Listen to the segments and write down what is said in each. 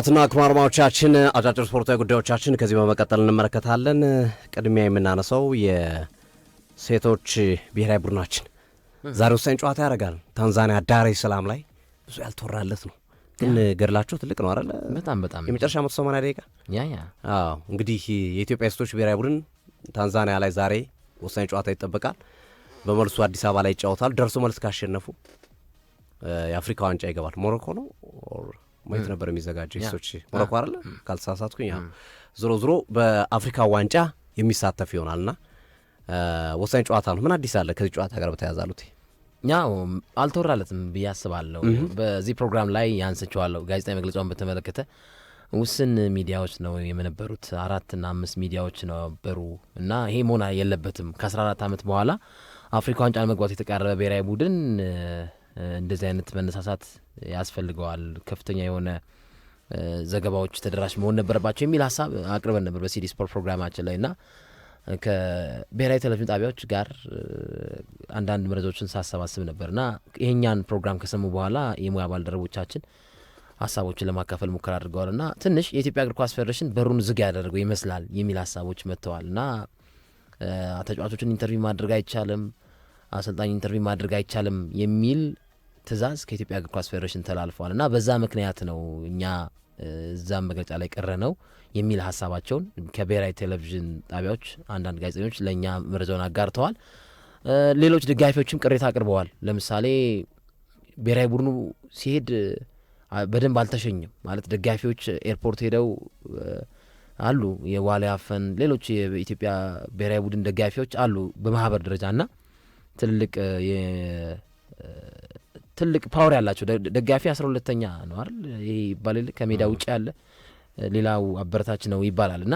አትና ክማርማዎቻችን አጫጭር ስፖርታዊ ጉዳዮቻችን ከዚህ በመቀጠል እንመለከታለን። ቅድሚያ የምናነሳው የሴቶች ብሔራዊ ቡድናችን ዛሬ ወሳኝ ጨዋታ ያደርጋል። ታንዛኒያ ዳሬ ሰላም ላይ ብዙ ያልተወራለት ነው፣ ግን ገድላቸው ትልቅ ነው አለ በጣም በጣም የመጨረሻ መቶ ሰማንያ ደቂቃ ያ ያ። አዎ እንግዲህ የኢትዮጵያ ሴቶች ብሔራዊ ቡድን ታንዛኒያ ላይ ዛሬ ወሳኝ ጨዋታ ይጠበቃል። በመልሱ አዲስ አበባ ላይ ይጫወታል። ደርሶ መልስ ካሸነፉ የአፍሪካ ዋንጫ ይገባል። ሞሮኮ ነው ማየት ነበር የሚዘጋጀው ሶች ሞሮኮ አለ ካልተሳሳትኩኝ። ዞሮ ዞሮ በአፍሪካ ዋንጫ የሚሳተፍ ና ወሳኝ ጨዋታ ነው። ምን አዲስ አለ ከዚህ ጨዋታ ጋር በተያዛሉት? ያው አልተወራለትም ብዬ አስባለሁ። በዚህ ፕሮግራም ላይ ያንስችዋለሁ። ጋዜጣ መግለጫውን በተመለከተ ውስን ሚዲያዎች ነው የምነበሩት፣ አራትና አምስት ሚዲያዎች ነበሩ እና ይሄ መሆን የለበትም። ከአስራ አራት ዓመት በኋላ አፍሪካ ዋንጫ ለመግባት የተቃረበ ብሔራዊ ቡድን እንደዚህ አይነት መነሳሳት ያስፈልገዋል። ከፍተኛ የሆነ ዘገባዎች ተደራሽ መሆን ነበረባቸው የሚል ሀሳብ አቅርበን ነበር በሲዲ ስፖርት ፕሮግራማችን ላይ እና ከብሔራዊ ቴሌቪዥን ጣቢያዎች ጋር አንዳንድ መረጃዎችን ሳሰባስብ ነበር እና ይሄኛን ፕሮግራም ከሰሙ በኋላ የሙያ ባልደረቦቻችን ሀሳቦችን ለማካፈል ሙከራ አድርገዋል እና ትንሽ የኢትዮጵያ እግር ኳስ ፌዴሬሽን በሩን ዝግ ያደርገው ይመስላል የሚል ሀሳቦች መጥተዋል እና ተጫዋቾችን ኢንተርቪው ማድረግ አይቻልም፣ አሰልጣኝ ኢንተርቪው ማድረግ አይቻልም የሚል ትእዛዝ ከኢትዮጵያ እግር ኳስ ፌዴሬሽን ተላልፏል እና በዛ ምክንያት ነው እኛ እዛም መግለጫ ላይ ቀረ ነው የሚል ሀሳባቸውን ከብሔራዊ ቴሌቪዥን ጣቢያዎች አንዳንድ ጋዜጠኞች ለእኛ መረጃውን አጋርተዋል። ሌሎች ደጋፊዎችም ቅሬታ አቅርበዋል። ለምሳሌ ብሔራዊ ቡድኑ ሲሄድ በደንብ አልተሸኝም። ማለት ደጋፊዎች ኤርፖርት ሄደው አሉ። የዋሊያ ፈን፣ ሌሎች የኢትዮጵያ ብሔራዊ ቡድን ደጋፊዎች አሉ በማህበር ደረጃ ና ትልልቅ ትልቅ ፓወር ያላቸው ደጋፊ አስራ ሁለተኛ ነው አይደል? ይሄ ይባላል ከሜዳ ውጭ ያለ ሌላው አበረታች ነው ይባላል እና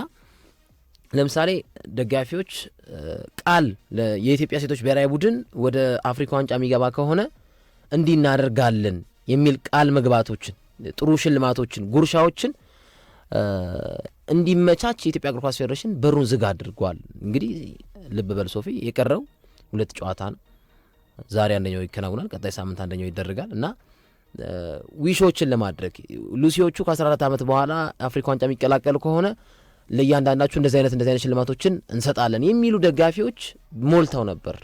ለምሳሌ ደጋፊዎች ቃል የኢትዮጵያ ሴቶች ብሔራዊ ቡድን ወደ አፍሪካ ዋንጫ የሚገባ ከሆነ እንዲህ እናደርጋለን የሚል ቃል መግባቶችን፣ ጥሩ ሽልማቶችን፣ ጉርሻዎችን እንዲመቻች የኢትዮጵያ እግር ኳስ ፌዴሬሽን በሩን ዝግ አድርጓል። እንግዲህ ልብ በል ሶፊ፣ የቀረው ሁለት ጨዋታ ነው። ዛሬ አንደኛው ይከናውናል፣ ቀጣይ ሳምንት አንደኛው ይደረጋል እና ዊሾችን ለማድረግ ሉሲዎቹ ከ14 ዓመት በኋላ አፍሪካ ዋንጫ የሚቀላቀሉ ከሆነ ለእያንዳንዳችሁ እንደዚህ አይነት እንደዚህ አይነት ሽልማቶችን እንሰጣለን የሚሉ ደጋፊዎች ሞልተው ነበር።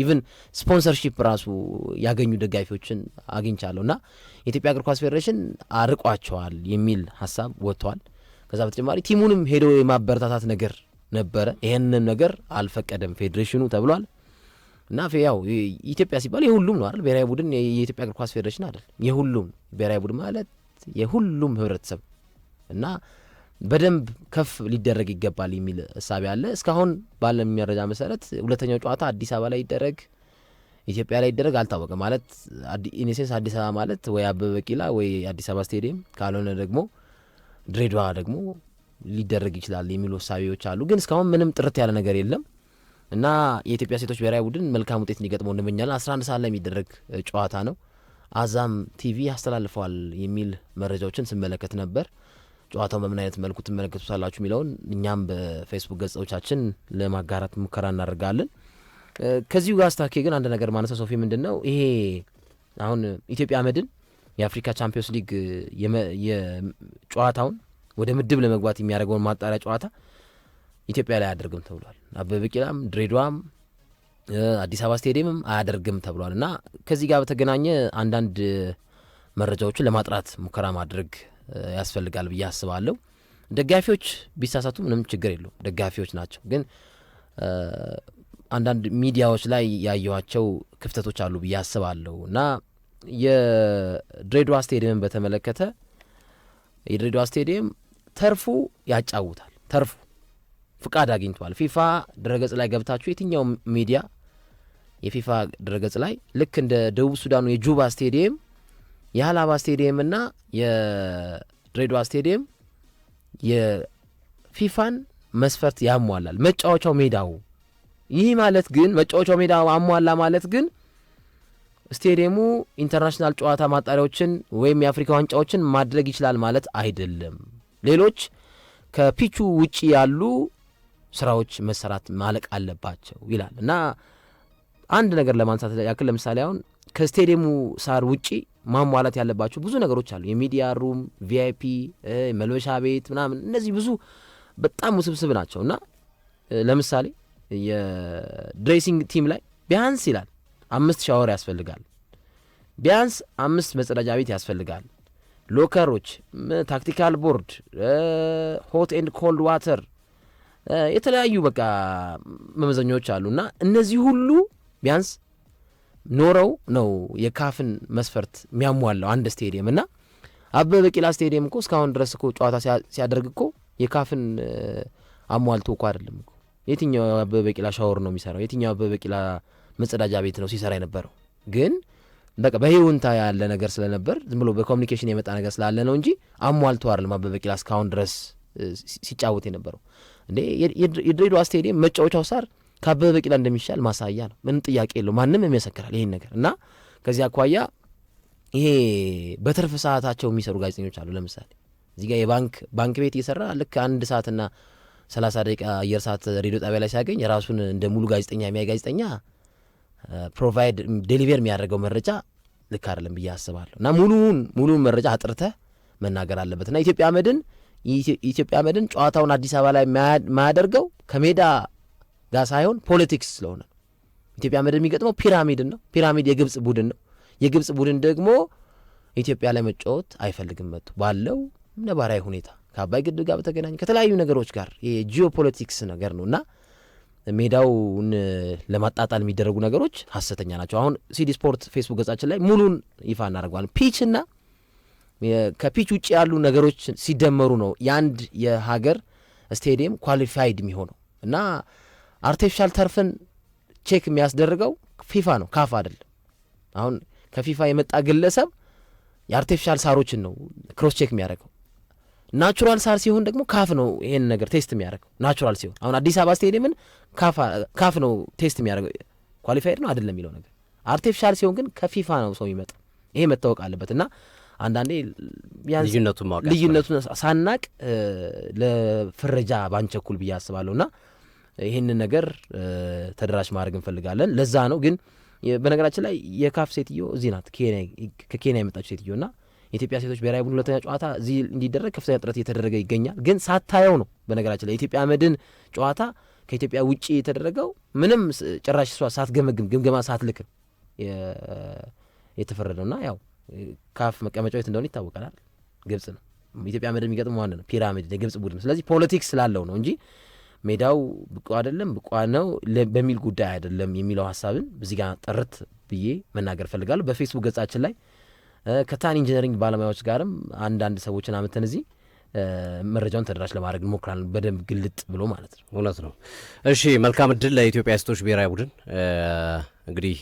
ኢቭን ስፖንሰርሺፕ ራሱ ያገኙ ደጋፊዎችን አግኝቻለሁ እና የኢትዮጵያ እግር ኳስ ፌዴሬሽን አርቋቸዋል የሚል ሀሳብ ወጥቷል። ከዛ በተጨማሪ ቲሙንም ሄዶ የማበረታታት ነገር ነበረ። ይህንን ነገር አልፈቀደም ፌዴሬሽኑ ተብሏል። እና ያው ኢትዮጵያ ሲባል የሁሉም ነው አይደል? ብሔራዊ ቡድን የኢትዮጵያ እግር ኳስ ፌዴሬሽን አይደል? የሁሉም ብሔራዊ ቡድን ማለት የሁሉም ህብረተሰብ እና በደንብ ከፍ ሊደረግ ይገባል የሚል እሳቤ አለ። እስካሁን ባለ መረጃ መሰረት ሁለተኛው ጨዋታ አዲስ አበባ ላይ ይደረግ ኢትዮጵያ ላይ ይደረግ አልታወቀም። ማለት ኢኔሴንስ አዲስ አበባ ማለት ወይ አበበ ቢቂላ ወይ አዲስ አበባ ስቴዲየም ካልሆነ ደግሞ ድሬዳዋ ደግሞ ሊደረግ ይችላል የሚሉ እሳቤዎች አሉ። ግን እስካሁን ምንም ጥርት ያለ ነገር የለም። እና የኢትዮጵያ ሴቶች ብሔራዊ ቡድን መልካም ውጤት እንዲገጥመው እንመኛለን። 11 ሰዓት ላይ የሚደረግ ጨዋታ ነው። አዛም ቲቪ ያስተላልፈዋል የሚል መረጃዎችን ስመለከት ነበር። ጨዋታውን በምን አይነት መልኩ ትመለከቱታላችሁ የሚለውን እኛም በፌስቡክ ገጾቻችን ለማጋራት ሙከራ እናደርጋለን። ከዚሁ ጋር አስታኬ ግን አንድ ነገር ማነሳ ሶፊ፣ ምንድን ነው ይሄ አሁን ኢትዮጵያ መድን የአፍሪካ ቻምፒዮንስ ሊግ የጨዋታውን ወደ ምድብ ለመግባት የሚያደርገውን ማጣሪያ ጨዋታ ኢትዮጵያ ላይ አያደርግም ተብሏል። አበበ ቢቂላም ድሬዳዋም አዲስ አበባ ስቴዲየምም አያደርግም ተብሏል እና ከዚህ ጋር በተገናኘ አንዳንድ መረጃዎችን ለማጥራት ሙከራ ማድረግ ያስፈልጋል ብዬ አስባለሁ። ደጋፊዎች ቢሳሳቱ ምንም ችግር የለው፣ ደጋፊዎች ናቸው። ግን አንዳንድ ሚዲያዎች ላይ ያየዋቸው ክፍተቶች አሉ ብዬ አስባለሁ እና የድሬዳዋ ስቴዲየምን በተመለከተ የድሬዳዋ ስቴዲየም ተርፉ ያጫውታል ተርፉ ፍቃድ አግኝቷል። ፊፋ ድረገጽ ላይ ገብታችሁ የትኛውም ሚዲያ የፊፋ ድረገጽ ላይ ልክ እንደ ደቡብ ሱዳኑ የጁባ ስቴዲየም የሀላባ ስቴዲየም እና የድሬዳዋ ስቴዲየም የፊፋን መስፈርት ያሟላል መጫወቻው ሜዳው። ይህ ማለት ግን መጫወቻው ሜዳ አሟላ ማለት ግን ስቴዲየሙ ኢንተርናሽናል ጨዋታ ማጣሪያዎችን ወይም የአፍሪካ ዋንጫዎችን ማድረግ ይችላል ማለት አይደለም። ሌሎች ከፒቹ ውጪ ያሉ ስራዎች መሰራት ማለቅ አለባቸው ይላል እና አንድ ነገር ለማንሳት ያክል ለምሳሌ አሁን ከስቴዲየሙ ሳር ውጪ ማሟላት ያለባቸው ብዙ ነገሮች አሉ። የሚዲያ ሩም፣ ቪአይፒ፣ መልበሻ ቤት ምናምን፣ እነዚህ ብዙ በጣም ውስብስብ ናቸው እና ለምሳሌ የድሬሲንግ ቲም ላይ ቢያንስ ይላል አምስት ሻወር ያስፈልጋል፣ ቢያንስ አምስት መጸዳጃ ቤት ያስፈልጋል፣ ሎከሮች፣ ታክቲካል ቦርድ፣ ሆት ኤንድ ኮልድ ዋተር የተለያዩ በቃ መመዘኛዎች አሉ እነዚህ ሁሉ ቢያንስ ኖረው ነው የካፍን መስፈርት የሚያሟላው አንድ ስቴዲየም እና አበበ ቢቂላ ስቴዲየም እኮ እስካሁን ድረስ እኮ ጨዋታ ሲያደርግ እኮ የካፍን አሟልቶ እኮ አይደለም የትኛው አበበ ቢቂላ ሻወር ነው የሚሰራው? የትኛው አበበ ቢቂላ መጸዳጃ ቤት ነው ሲሰራ የነበረው? ግን በቃ በህይወንታ ያለ ነገር ስለነበር ዝም ብሎ በኮሚኒኬሽን የመጣ ነገር ስላለ ነው እንጂ አሟልቶ አይደለም አበበ ቢቂላ እስካሁን ድረስ ሲጫወት የነበረው። እንዴ የድሬዳዋ ስቴዲየም መጫወቻው ሳር ከአበበ በቂላ እንደሚሻል ማሳያ ነው። ምን ጥያቄ የለው። ማንም የሚያሰክራል ይሄን ነገር እና ከዚህ አኳያ ይሄ በትርፍ ሰዓታቸው የሚሰሩ ጋዜጠኞች አሉ። ለምሳሌ እዚህ ጋር የባንክ ባንክ ቤት እየሰራ ልክ አንድ ሰዓትና ሰላሳ ደቂቃ አየር ሰዓት ሬዲዮ ጣቢያ ላይ ሲያገኝ ራሱን እንደ ሙሉ ጋዜጠኛ የሚያይ ጋዜጠኛ ፕሮቫይድ ዴሊቨር የሚያደርገው መረጃ ልክ አይደለም ብዬ አስባለሁ እና ሙሉውን ሙሉውን መረጃ አጥርተህ መናገር አለበት እና ኢትዮጵያ መድን ኢትዮጵያ መድን ጨዋታውን አዲስ አበባ ላይ የማያደርገው ከሜዳ ጋር ሳይሆን ፖለቲክስ ስለሆነ ነው። ኢትዮጵያ መድን የሚገጥመው ፒራሚድን ነው። ፒራሚድ የግብፅ ቡድን ነው። የግብፅ ቡድን ደግሞ ኢትዮጵያ ላይ መጫወት አይፈልግም። መጡ ባለው ነባራዊ ሁኔታ ከአባይ ግድብ ጋር በተገናኘ ከተለያዩ ነገሮች ጋር የጂኦፖለቲክስ ነገር ነው እና ሜዳውን ለማጣጣል የሚደረጉ ነገሮች ሀሰተኛ ናቸው። አሁን ሲዲ ስፖርት ፌስቡክ ገጻችን ላይ ሙሉን ይፋ እናደርገዋለን። ፒችና ከፒች ውጭ ያሉ ነገሮች ሲደመሩ ነው የአንድ የሀገር ስቴዲየም ኳሊፋይድ የሚሆነው እና አርቲፊሻል ተርፍን ቼክ የሚያስደርገው ፊፋ ነው፣ ካፍ አይደለም። አሁን ከፊፋ የመጣ ግለሰብ የአርቲፊሻል ሳሮችን ነው ክሮስ ቼክ የሚያደርገው። ናቹራል ሳር ሲሆን ደግሞ ካፍ ነው ይሄን ነገር ቴስት የሚያደርገው። ናቹራል ሲሆን አሁን አዲስ አበባ ስቴዲየምን ካፍ ነው ቴስት የሚያደርገው ኳሊፋይድ ነው አይደለም የሚለው ነገር። አርቲፊሻል ሲሆን ግን ከፊፋ ነው ሰው የሚመጣ ይሄ መታወቅ አለበት እና አንዳንዴ ልዩነቱን ማወቅ ልዩነቱን ሳናቅ ለፍረጃ ባንቸኩል ብዬ አስባለሁ ና ይህንን ነገር ተደራሽ ማድረግ እንፈልጋለን። ለዛ ነው ግን በነገራችን ላይ የካፍ ሴትዮ እዚህ ናት፣ ከኬንያ የመጣችው ሴትዮ ና የኢትዮጵያ ሴቶች ብሔራዊ ቡድን ሁለተኛ ጨዋታ እዚህ እንዲደረግ ከፍተኛ ጥረት እየተደረገ ይገኛል። ግን ሳታየው ነው በነገራችን ላይ የኢትዮጵያ መድን ጨዋታ ከኢትዮጵያ ውጭ የተደረገው ምንም ጭራሽ እሷ ሳትገመግም ግምገማ ሳትልክ የተፈረደውና ያው ካፍ መቀመጫ ቤት እንደሆነ ይታወቃል። ግብጽ ነው። ኢትዮጵያ ምድር የሚገጥመው ዋን ነው ፒራሚድ የግብጽ ቡድን። ስለዚህ ፖለቲክስ ስላለው ነው እንጂ ሜዳው ብቁ አይደለም ብቁ ነው በሚል ጉዳይ አይደለም የሚለው ሀሳብን እዚህ ጋር ጥርት ብዬ መናገር እፈልጋለሁ። በፌስቡክ ገጻችን ላይ ከታን ኢንጂነሪንግ ባለሙያዎች ጋርም አንዳንድ ሰዎችን አምተን እዚህ መረጃውን ተደራሽ ለማድረግ እንሞክራለን። በደንብ ግልጥ ብሎ ማለት ነው። እውነት ነው። እሺ፣ መልካም እድል ለኢትዮጵያ ሴቶች ብሔራዊ ቡድን። እንግዲህ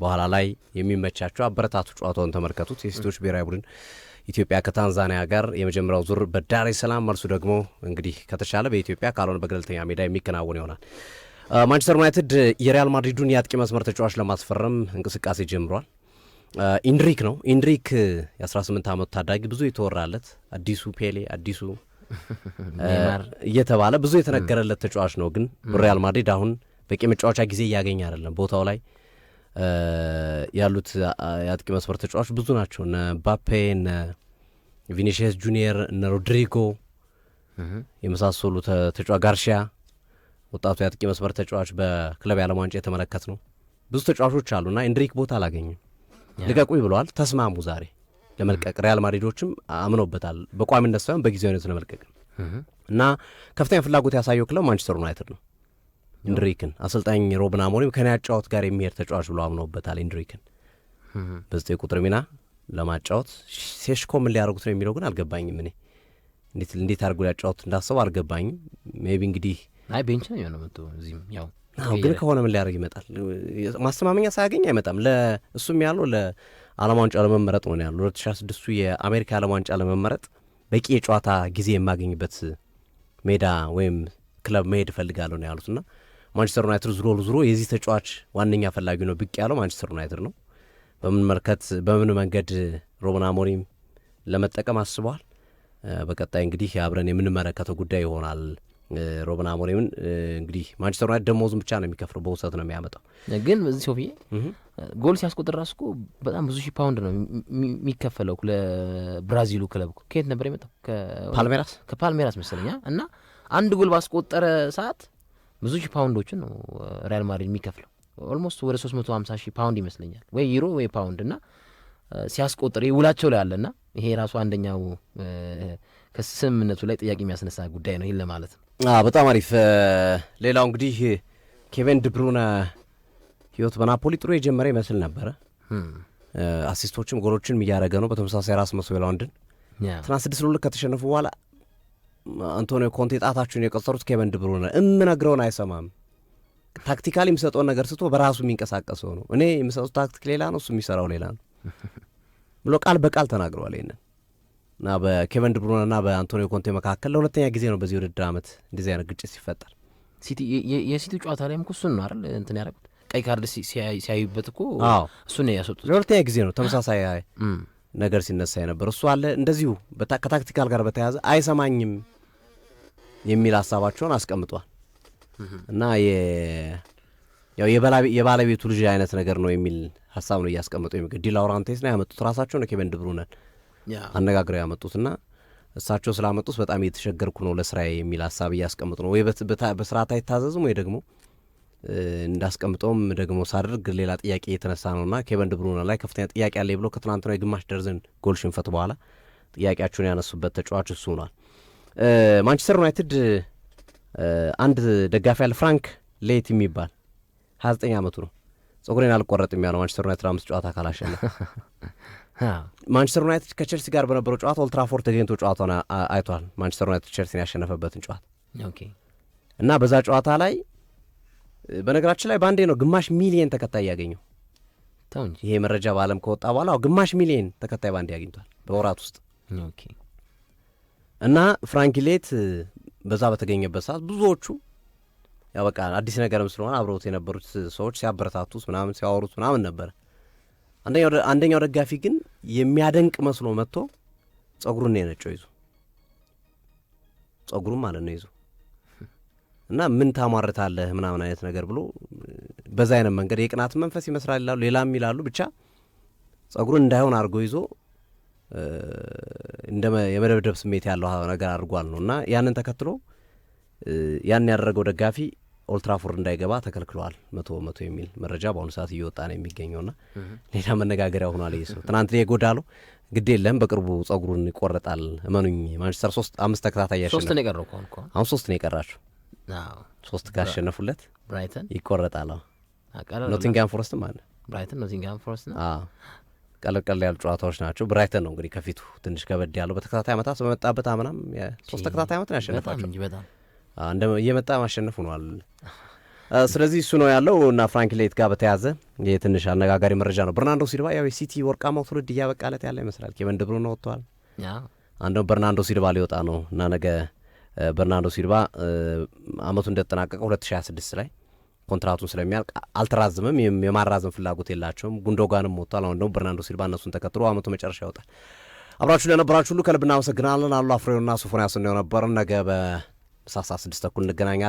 በኋላ ላይ የሚመቻቸው አበረታቱ። ጨዋታውን ተመልከቱት። የሴቶች ብሔራዊ ቡድን ኢትዮጵያ ከታንዛኒያ ጋር የመጀመሪያው ዙር በዳሬ ሰላም፣ መልሱ ደግሞ እንግዲህ ከተቻለ በኢትዮጵያ ካልሆነ በገለልተኛ ሜዳ የሚከናወን ይሆናል። ማንቸስተር ዩናይትድ የሪያል ማድሪዱን የአጥቂ መስመር ተጫዋች ለማስፈረም እንቅስቃሴ ጀምሯል። ኢንድሪክ ነው። ኢንድሪክ የ18 ዓመቱ ታዳጊ ብዙ የተወራለት አዲሱ ፔሌ አዲሱ እየተባለ ብዙ የተነገረለት ተጫዋች ነው። ግን ሪያል ማድሪድ አሁን በቂ መጫወቻ ጊዜ እያገኘ አይደለም ቦታው ላይ ያሉት የአጥቂ መስመር ተጫዋች ብዙ ናቸው። እነ ባፔ፣ እነ ቪኒሽስ ጁኒየር፣ እነ ሮድሪጎ የመሳሰሉ ተጫዋች ጋርሺያ፣ ወጣቱ የአጥቂ መስመር ተጫዋች በክለብ የዓለም ዋንጫ የተመለከት ነው። ብዙ ተጫዋቾች አሉ እና ኢንድሪክ ቦታ አላገኝም ልቀቁኝ ብለዋል። ተስማሙ ዛሬ ለመልቀቅ ሪያል ማድሪዶችም አምኖበታል። በቋሚነት ሳይሆን አይነት ለመልቀቅ እና ከፍተኛ ፍላጎት ያሳየው ክለብ ማንቸስተር ዩናይትድ ነው። ኢንድሪክን አሰልጣኝ ሮብን አሞሪም ከኔ አጫወት ጋር የሚሄድ ተጫዋች ብሎ አምኖበታል። ኢንድሪክን በዘጠኝ ቁጥር ሚና ለማጫወት ሴሽኮ ምን ሊያደርጉት ነው የሚለው ግን አልገባኝም። እኔ እንዴት እንዴት አድርጎ ሊያጫወት እንዳሰበው አልገባኝም። ሜቢ እንግዲህ አይ ቤንች ነው የሆነ መጡ እዚህም ያው አዎ ግን ከሆነ ምን ሊያደርግ ይመጣል? ማስተማመኛ ሳያገኝ አይመጣም። ለእሱም ያለው ለዓለም ዋንጫ ለመመረጥ ነው ያለው። ሁለት ሺህ ስድስቱ የአሜሪካ ዓለም ዋንጫ ለመመረጥ በቂ የጨዋታ ጊዜ የማገኝበት ሜዳ ወይም ክለብ መሄድ እፈልጋለሁ ነው ያሉት ያሉትና ማንቸስተር ዩናይትድ ዝሮ ዝሮ የዚህ ተጫዋች ዋነኛ ፈላጊ ነው ብቅ ያለው ማንቸስተር ዩናይትድ ነው። መልከት በምን መንገድ ሮበን አሞሪም ለመጠቀም አስበዋል። በቀጣይ እንግዲህ አብረን የምንመለከተው ጉዳይ ይሆናል። ሮበን አሞሪምን እንግዲህ ማንቸስተር ዩናይትድ ደሞዙን ብቻ ነው የሚከፍለው፣ በውሰት ነው የሚያመጣው። ግን በዚህ ሶፊዬ ጎል ሲያስቆጥር ራሱ እኮ በጣም ብዙ ሺ ፓውንድ ነው የሚከፈለው ለብራዚሉ ክለብ። ከየት ነበር የመጣው? ከፓልሜራስ ከፓልሜራስ መሰለኛ እና አንድ ጎል ባስቆጠረ ሰዓት ብዙ ሺህ ፓውንዶችን ነው ሪያል ማድሪድ የሚከፍለው ኦልሞስት ወደ 350 ሺህ ፓውንድ ይመስለኛል ወይ ዩሮ ወይ ፓውንድ እና ሲያስቆጥር ውላቸው ላይ አለና ይሄ ራሱ አንደኛው ከስምምነቱ ላይ ጥያቄ የሚያስነሳ ጉዳይ ነው። ይህን ለማለት ነው። በጣም አሪፍ። ሌላው እንግዲህ ኬቨን ድብሩነ ህይወት በናፖሊ ጥሩ የጀመረ ይመስል ነበረ። አሲስቶችም ጎሎችን እያደረገ ነው። በተመሳሳይ ራስ መስ ቤላንድን ትናንት ስድስት ለሁለት ከተሸነፉ በኋላ አንቶኒዮ ኮንቴ ጣታችሁን የቀጠሩት ኬቨን ድብሩነ እምነግረውን አይሰማም። ታክቲካል የሚሰጠውን ነገር ስቶ በራሱ የሚንቀሳቀሰው ነው። እኔ የሚሰጡት ታክቲክ ሌላ ነው፣ እሱ የሚሰራው ሌላ ነው ብሎ ቃል በቃል ተናግረዋል። ይንን እና በኬቨን ድብሩነ እና በአንቶኒዮ ኮንቴ መካከል ለሁለተኛ ጊዜ ነው በዚህ ውድድር ዓመት እንደዚህ አይነት ግጭት ሲፈጠር። የሲቲ ጨዋታ ላይም እኮ እሱን ነው አይደል እንትን ያደረጉት ቀይ ካርድ ሲያዩበት እኮ እሱን ያስወጡት። ለሁለተኛ ጊዜ ነው ተመሳሳይ ነገር ሲነሳ የነበር እሱ አለ እንደዚሁ ከታክቲካል ጋር በተያያዘ አይሰማኝም የሚል ሀሳባቸውን አስቀምጧል እና ያው የባለቤቱ ልጅ አይነት ነገር ነው የሚል ሀሳብ ነው እያስቀመጡ የሚገ ዲላውራንቴስ ነው ያመጡት ራሳቸው ነው ኬቨን ድብሩነን አነጋግረው ያመጡት እና እሳቸው ስላመጡት በጣም እየተሸገርኩ ነው ለስራ የሚል ሀሳብ እያስቀምጡ ነው ወይ በስርዓት አይታዘዝም ወይ ደግሞ እንዳስቀምጠውም ደግሞ ሳደርግ ሌላ ጥያቄ እየተነሳ ነውና ኬቨን ድብሩነ ላይ ከፍተኛ ጥያቄ ያለ ብሎ ከትናንትናው የግማሽ ደርዘን ጎል ሽንፈት በኋላ ጥያቄያቸውን ያነሱበት ተጫዋች እሱ ሆኗል። ማንቸስተር ዩናይትድ አንድ ደጋፊ ያለ ፍራንክ ሌት የሚባል ሀያ ዘጠኝ አመቱ ነው። ጸጉሬን አልቆረጥም ያለው ማንቸስተር ዩናይትድ አምስት ጨዋታ ካላሸነፈ ማንቸስተር ዩናይትድ ከቸልሲ ጋር በነበረው ጨዋታ ኦልትራፎርድ ተገኝቶ ጨዋታውን አይቷል። ማንቸስተር ዩናይትድ ቸልሲን ያሸነፈበትን ጨዋታ እና በዛ ጨዋታ ላይ በነገራችን ላይ በአንዴ ነው ግማሽ ሚሊየን ተከታይ ያገኘው። ይሄ መረጃ በዓለም ከወጣ በኋላ ግማሽ ሚሊየን ተከታይ በአንዴ ያገኝቷል በወራት ውስጥ እና ፍራንኪሌት በዛ በተገኘበት ሰዓት ብዙዎቹ ያው በቃ አዲስ ነገርም ስለሆነ አብረውት የነበሩት ሰዎች ሲያበረታቱት ምናምን ሲያወሩት ምናምን ነበረ። አንደኛው ደጋፊ ግን የሚያደንቅ መስሎ መጥቶ ጸጉሩን ነው የነጨው ይዞ ጸጉሩም ማለት ነው ይዞ እና ምን ታሟርታለህ ምናምን አይነት ነገር ብሎ በዛ አይነት መንገድ የቅናት መንፈስ ይመስላል ይላሉ፣ ሌላም ይላሉ። ብቻ ጸጉሩን እንዳይሆን አድርጎ ይዞ እንደ የመደብደብ ስሜት ያለው ነገር አድርጓል ነው እና ያንን ተከትሎ ያን ያደረገው ደጋፊ ኦልትራፎርድ እንዳይገባ ተከልክለዋል። መቶ መቶ የሚል መረጃ በአሁኑ ሰዓት እየወጣ ነው የሚገኘው ና ሌላ መነጋገሪያ ሆኗል። ይህ ሰው ትናንት የጎዳለው ግድ የለም በቅርቡ ጸጉሩን ይቆረጣል። እመኑኝ ማንቸስተር ሶስት አምስት ተከታታይ ሶስት አሁን ሶስት ነው የቀራችሁ ሶስት ካሸነፉለት ብራይተን ይቆረጣል። ኖቲንግሃም ፎረስትም አለ ብራይተን ኖቲንግሃም ፎረስት ነው ቀለቀል ያሉ ጨዋታዎች ናቸው። ብራይተን ነው እንግዲህ ከፊቱ ትንሽ ከበድ ያለው በተከታታይ ዓመታት በመጣበት አምናም ሶስት ተከታታይ ዓመት ነው ያሸነፋቸው እየመጣ ማሸነፍ ሆኗል። ስለዚህ እሱ ነው ያለው እና ፍራንክ ሌት ጋር በተያዘ ትንሽ አነጋጋሪ መረጃ ነው። በርናንዶ ሲልባ ያው የሲቲ ወርቃማው ትውልድ እያበቃለት ያለ ይመስላል። ኬቨን ነው ወጥተዋል። አንዱ በርናንዶ ሲልባ ሊወጣ ነው እና ነገ በርናንዶ ሲልባ አመቱ እንደተጠናቀቀ 2026 ላይ ኮንትራቱን ስለሚያልቅ አልተራዝምም። የማራዘም ፍላጎት የላቸውም። ጉንዶጋንም ወጥቷል። አሁን ደግሞ በርናንዶ ሲልባ እነሱን ተከትሎ አመቱ መጨረሻ ይወጣል። አብራችሁ ለነበራችሁ ሁሉ ከልብ እናመሰግናለን። አሉ አፍሬውና ሶፎንያስ ነው ነበር። ነገ በሳሳ ስድስት ተኩል እንገናኛለን።